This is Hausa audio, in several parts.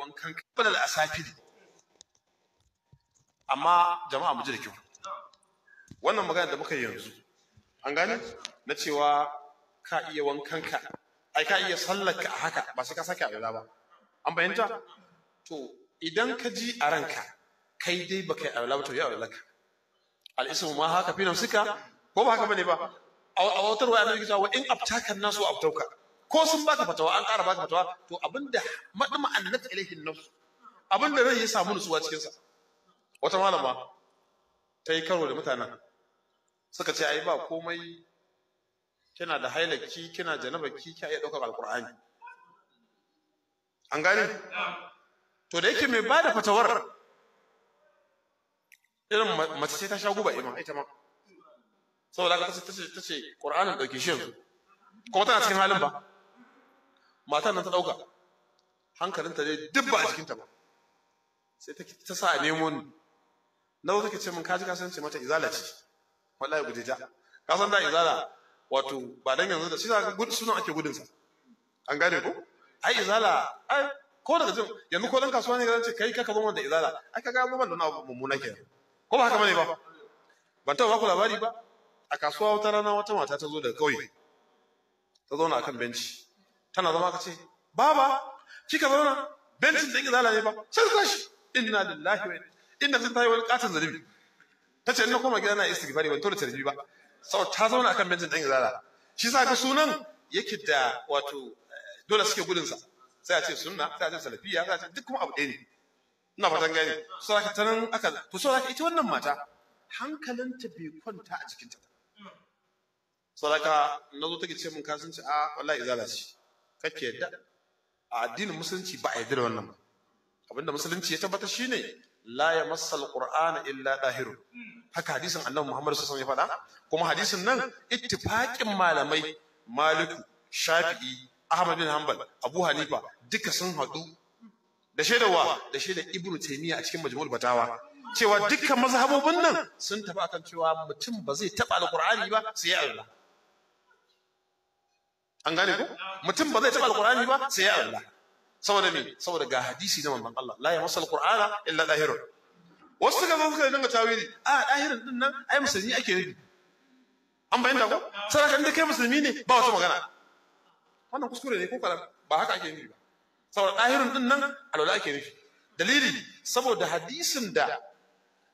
wankan kabilal ne, amma jama'a mu ji da kyau wannan magana da muka yi yanzu an gane na cewa ka iya wankan ka ai ka iya sallarka a haka ba sai ka sake a ba an bayyanta to idan ka ji a ranka kai dai baka yi aula ba to ya aula ka al'ismu ma haka fi nafsika ko ba haka bane ba a wautar wa annabi cewa in abtakan nasu abtauka ko sun baka fatawa an ƙara baka fatawa to abinda madama annat ilaihi nafsu abinda rai ya samu nutsuwa cikin sa wata malama ta yi karo da mutanen suka ce ai ba komai kina da hailaki kina ki kina iya ɗaukar alqur'ani an gane to da yake mai bada fatawar irin mace ce ta sha guba iman ita ma saboda haka ta ce ta ce qur'anin dauke shi yanzu kuma tana cikin halin ba matan nan ta ɗauka hankalinta dai duk ba a jikinta ba sai ta sa a nemo ni na wata ce min kaji san ce mata izala ce wallahi gujeja ka san da izala wato ba dan yanzu da shi za gudu sunan ake gudun sa an gane ko ai izala ai ko daga jin yanzu ko dan kasuwa ne ga ce kai kaka zama da izala ai ga abubuwan da na mummuna kenan ko ba haka bane ba ban taɓa ku labari ba a kasuwa wata rana wata mata ta zo daga kauye ta zauna akan benci tana zama kace ce baba kika zauna bencin din izala ne ba sai ka shi inna lillahi wa inna ta raji'un wani katon zalibi ta ce na koma gida na istighfari ban tura tarbi ba sau ta zauna akan bencin din izala shi sa ka sunan yake da wato eh, dole suke gudun sa sai a ce sunna sai a ce salafiya sai a ce duk kuma abu ɗaya ne ina fatan gani so zaka tanan aka to so zaka ita wannan mata hankalinta bai kwanta a jikinta so zaka nazo take ce mun kasance a ah, wallahi izala ce kake da a addinin musulunci ba a yadda da wannan ba abinda musulunci ya tabbata shine la ya massal qur'ana illa ɗahiru. haka hadisin annabi Muhammad sallallahu alaihi ya faɗa kuma hadisin nan ittifaqin malamai Maliku Shafi'i Ahmad bin Hanbal Abu Hanifa duka sun haɗu da shaidawa da shaidar Ibn Taymiyyah a cikin Majmu'ul Fatawa cewa dukkan mazhabobin nan sun tafi akan cewa mutum ba zai taɓa alqur'ani ba sai ya Allah an gane ko mutum ba zai taɓa Alƙur'ani ba sai ya Allah saboda me saboda ga hadisi na manzon Allah la yamassul qur'ana illa zahirun wasu suka zo suka dinga tawili a dahirin din nan ai musulmi ake nufi an bayyana ko saboda kan kai musulmi ne ba wata magana wannan kuskure ne ko kalam ba haka ake nufi ba saboda dahirin din nan alwala ake nufi dalili saboda hadisin da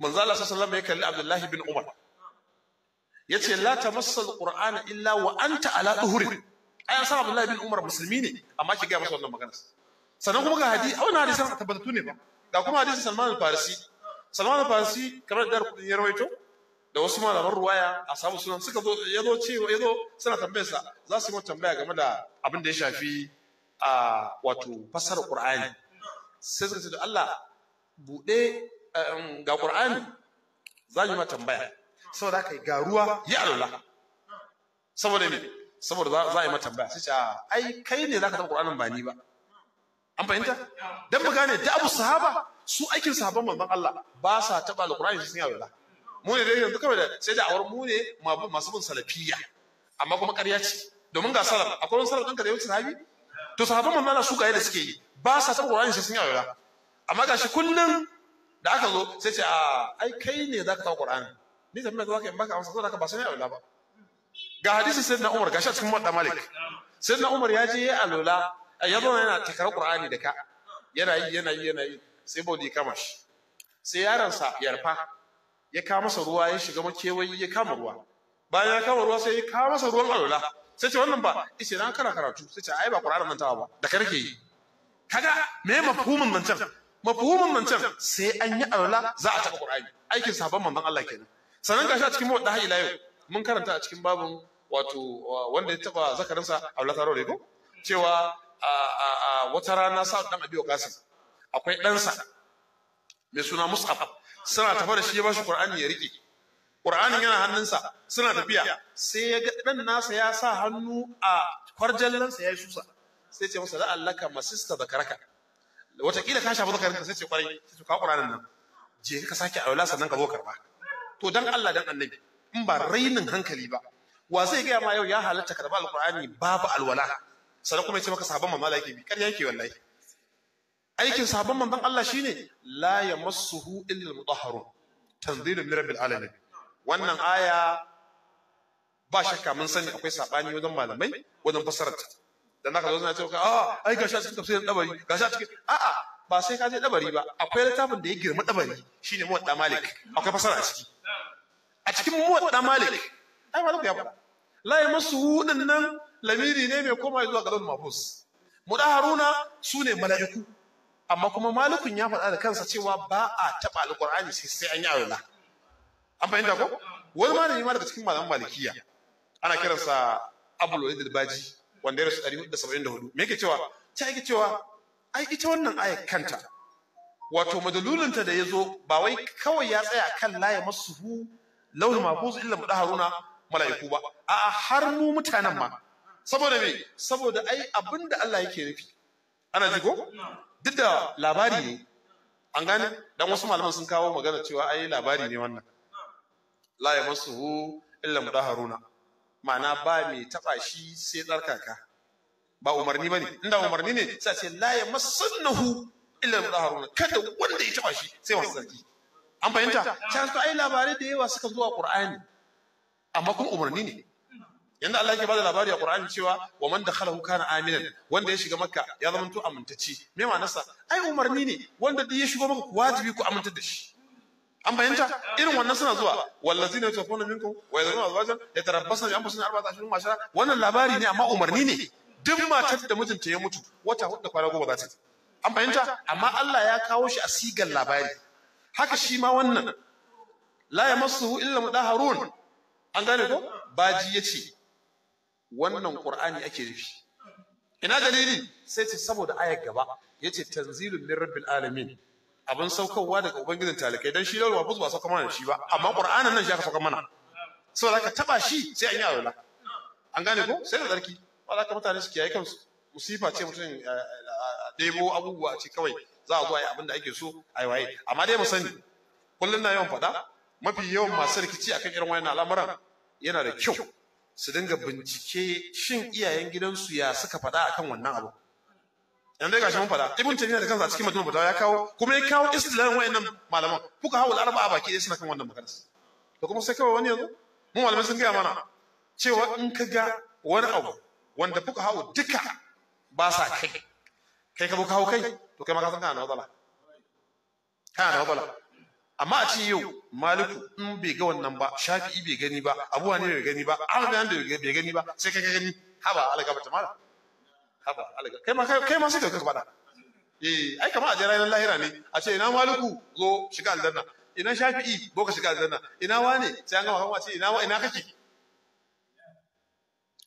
manzo Allah sallallahu alaihi wasallam ya kalli Abdullahi bin Umar yace la tamassal qur'ana illa wa anta ala tuhuri ayan sa Abdullahi bin Umar musulmi ne amma ki ga masa wannan magana sannan kuma ga hadisi wannan hadisin tabbatu ne ba ga kuma hadisin Salman al-Farisi Salman al-Farisi kamar da kudin ya rawaito da wasu malaman ruwaya a samu sunan suka zo ya zo cewa ya zo suna tambayar sa za su yi tambaya game da abin da ya shafi a wato fasara Qur'ani sai suka ce da Allah bude um, ga Qur'ani za mu yi tambaya saboda kai ga ruwa ya Allah saboda me saboda za a yi mata tambaya sai ce ah, ai kai ne ka taɓa Qur'anin ba ni ba an fahimta don mu gane da abu sahaba su aikin sahaban manzon Allah ba sa taɓa alqur'ani sun yawo mu ne dai yanzu kawai da sai da awar mu ne masu bin salafiyya amma kuma ƙarya ce domin ga salaf akwai wani salaf ɗanka da ya sahabi to sahaban manzon Allah su ga yadda suke yi ba sa taɓa Qur'ani sun yawo amma ga shi kullum da aka zo sai ce a ah, ai kai ne ka taɓa Qur'ani ni zan mai zaka in baka amsa ka ba sai yawo ba ga hadisin sayyidina Umar ga shi cikin Muwatta Malik sayyidina Umar ya je ya alola ya zo yana takar Qur'ani da ka yana yi yana yi yana yi sai bauli kama shi sai yaron sa yarfa ya kama masa ruwa ya shiga makewayi ya kama ruwa bayan ya kama ruwa sai ya kama masa ruwan alola sai ce wannan ba ishe na kana karatu sai ce ai ba Qur'ani mantawa ba da karke yi kaga me mafhumin nan can mafhumin nan can sai an yi alola za a taka Qur'ani aikin sabon manzon Allah kenan sanan gashi a cikin muwatta hayi layo mun karanta a cikin babun wato wanda ya taba zakarinsa a wulatar rore ko cewa a wata rana sa dan abiyo kasim akwai ɗansa mai suna mus'ab suna tafa da shi ya bashi qur'ani ya rike qur'anin yana hannunsa suna tafiya sai ya ga dan nasa ya sa hannu a kwarjallansa ya yi susa sai ce masa la'allaka masista karaka watakila ka shafi zakarinka sai ce kwarai sai kawo qur'anin nan je ka sake aula sannan ka zo karba to dan Allah dan annabi in ba rainin hankali ba wa zai ga ma yau ya halatta karba alqur'ani babu alwala sannan kuma ya ce maka sahabban manzo Allah yake bi ƙarya yake wallahi aikin sahabban manzo Allah shine la yamassuhu illa almutahharun tanzilun min rabbil alamin wannan aya ba shakka mun sani akwai sabani wajen malamai wajen fasarar ta dan haka zan na ce ah ai ga shi tafsir tafsirin dabari ga shi cikin a a ba sai ka je dabari ba akwai littafin da ya girma dabari shine muwadda malik akwai fasara a ciki a cikin muwadda malik ai malik ya musu yamassuhu nan lamiri ne mai koma zuwa ga mafus mudaharuna sune mala'iku amma kuma malikun ya faɗa da kansa cewa ba a taɓa alƙur'ani sai sai an yi aula an fahimta ko wani malami ma daga cikin malaman malikiya ana kiransa abul walid al-baji wanda ya rasu 474 me yake cewa ta yake cewa ai ita wannan aya kanta wato madalulunta da ya zo ba wai kawai ya tsaya kan la ya masuhu launin mafuz illa mudaharuna mala'iku ba a har mu mutanen ma saboda me saboda ai abinda Allah yake nufi ana ji ko duk da labari ne an gane dan wasu malaman sun kawo magana cewa ai labari ne wannan la masuhu illa mudaharuna ma'ana ba mai taba shi sai tsarkaka ba umarni bane inda umarni ne sai ce la yamassuhu illa mudaharuna kada wanda ya taba shi sai wasu tsarki an fahimta can ai labarai da yawa suka zuwa qur'ani amma kuma umarni ne yanda Allah yake bada labari a Qur'ani cewa wa man dakhalahu kana aminan wanda ya shiga Makka ya zama to amintacci me nasa, ai umarni ne wanda duk ya shigo maka wajibi ku amintar da shi an fahimta irin wannan suna zuwa wallazina yatawaffawna minkum wa yadhuruna azwajan yatarabbasna bi anfusihim arba'ata ashhurin wa ashara wannan labari ne amma umarni ne duk matar da mijinta ya mutu wata hudu da kwana goma za ta an fahimta amma Allah ya kawo shi a sigar labari haka shi ma wannan la yamassuhu illa mudahharun an gane ko baji ya ce wannan qur'ani ake nufi ina dalili sai ce saboda ayar gaba ya ce tanzilun min rabbil alamin abin saukarwa daga ubangijin talikai dan shi da ruwa ba sauka mana shi ba amma qur'anin nan shi aka sauka mana saboda ka taba shi sai an yi aula an gane ko sai da tsarki wala ka mutane su kiyaye kansu musifa ce mutum debo eh, eh, abubuwa ce kawai za a zo a yi abin da ake so a yi waye amma dai mu sani kullum na yawan faɗa mafi yawan masu rikici akan irin wannan al'amuran yana da kyau su dinga bincike shin iyayen gidansu ya suka faɗa akan wannan abu yanzu ga shi mun faɗa ibn taymiya da kansa a cikin mutum fatawa ya kawo kuma ya kawo istilahin wayannan malaman kuka hawo a baki ɗaya suna kan wannan magana to kuma sai kawai wani yanzu mun malamai sun gaya mana cewa in ka ga wani abu wanda kuka hawo duka ba sa kai kai ka buka kai to kai ma ka san kana da matsala kana da matsala amma a ce yau maliku in bai ga wannan ba shafi'i bai gani ba abuwa ne bai gani ba arzikin da bai gani ba sai kai ka gani haba alaga ba tamara haba alaga kai ma kai ma sai ka eh ai kamar a je lahira ne a ce ina maliku zo shiga aljanna ina shafi'i zo ka shiga aljanna ina wane sai an gama kan ce ina wa ina kake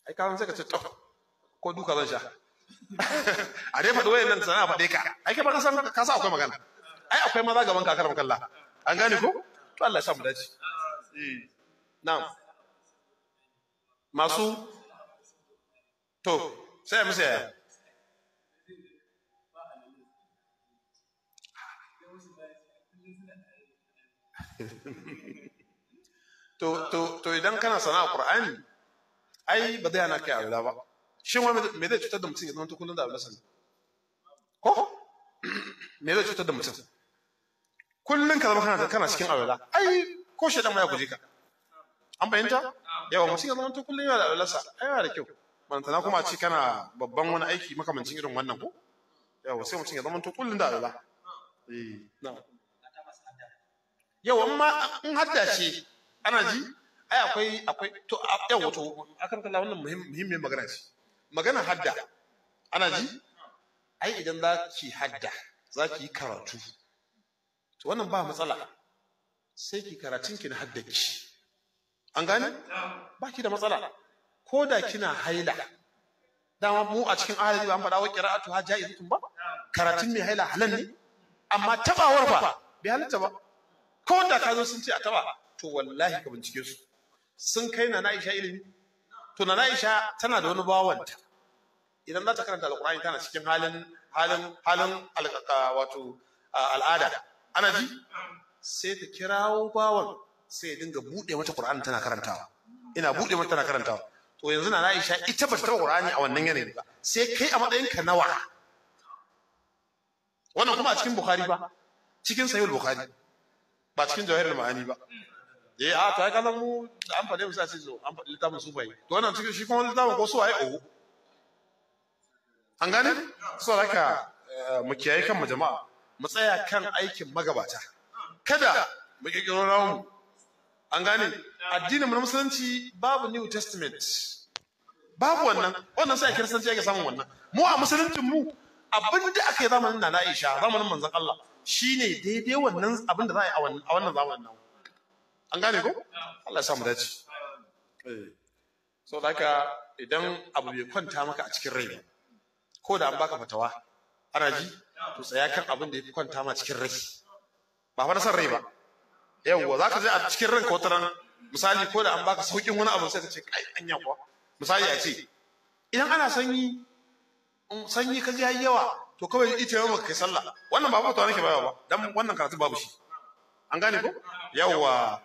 ai ka sai ka ce ko duka zan sha a dai faɗo wayannan sana'a faɗe ka ai kai ba ka san ka sa akwai magana ai akwai maza gaban kakar makalla an gane ko to Allah ya samu dace Na. masu to sai musu yaya to to to idan kana sana'a qur'ani ai ba zai hana kai a ba shin wa me zai cutar da mutum ya zama kullum da aula sani ko me zai cutar da mutum kullum ka zama kana kana cikin alwala ai ko shedan ma ya guje ka an fahimta yawa mutum ya zama kullum yana da alwalarsa ai yana da kyau bantana kuma a ce kana babban wani aiki makamancin irin wannan ko yawa sai mutum ya zama kullum da alwala eh ma in hadda ce ana ji ai akwai akwai to yawa to akan kalla wannan muhimmin magana ce magana hadda ana ji ai idan za ki hadda za ki yi karatu to wannan ba matsala sai ki karatun ki na haddaki an gane ba ki da matsala ko da kina haila dama mu a cikin ahalari ba an faɗa wa qira'atu ha jaizatun ba karatun mai haila halal ne amma tabawar ba bai halatta ba ko da ka zo sun ce a taba to wallahi ka bincike su sun kai na Aisha ilimi to na Aisha tana da wani bawanta idan za ta karanta Alƙur'ani, tana cikin halin halin halin wato al'ada ana ji sai ta kirawo bawan sai ya dinga buɗe mata ƙur'ani tana karantawa ina buɗe mata tana karantawa to yanzu na Aisha ita ba ta taɓa ƙur'ani a wannan yanayin ba sai kai a matsayin ka nawa wannan kuma a cikin Bukhari ba cikin Sahih Bukhari ba cikin Jawahir Ma'ani ba eh a ta kana mu da an faɗe mu sai zo an faɗi littafin sufai to wannan cikin shi kuma litafin ko suwaye o an gane so haka eh, mu kiyaye kanmu jama'a mu tsaya kan aikin magabata kada mu kirkiro rawu an gane addinin mu na musulunci babu new testament babu wannan wannan sai kiristanci yake samun wannan mu a musuluncin mu abin da aka yi zamanin na Aisha zamanin manzon Allah shine daidai wannan abin da za a yi a wannan zamanin nan an gane ko Allah ya sa mu dace eh. so da idan abu bai kwanta maka a cikin rai ko da an baka fatawa ana ji to tsaya kan abin da ya fi kwanta ma cikin rai ba fa na san rai ba yawwa za ka je a cikin ranka wata ran misali ko da an baka saukin wani abu sai ka ce kai anya kuwa misali a ce idan ana sanyi sanyi ka ji yawa to kawai ita yawa kai sallah wannan ba fatawa nake bayawa ba dan wannan karatu babu shi an gane ko Yawwa,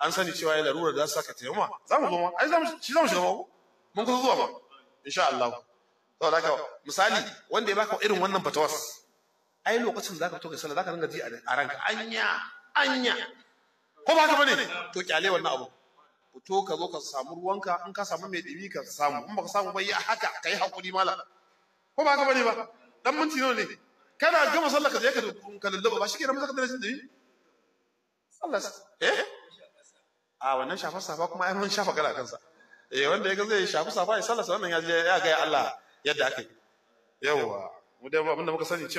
an sani cewa ya larura da za su saka taimama? za mu zo ma ai za mu shi za mu shiga ba mun kusa zuwa ba insha Allah saboda haka misali wanda ya baka irin wannan fatawas ai lokacin da zaka fito kai sallah zaka ringa ji a ranka anya anya ko ba ka bane to kyale wannan abu fito ka zo ka samu ruwanka in ka samu mai dimi ka samu in baka samu ba yi haka kai hakuri mala ko ba ka bane ba dan minti nawa ne kana gama sallah ka je ka ka lallaba ba shikenan ramza ka da rashin dimi sallah eh a wannan shafa safa kuma ai mun shafa kala kansa eh wanda ya ga zai shafi safa ya sallah wannan ya ga ya Allah yadda aka yi yawwa mu muka sani cewa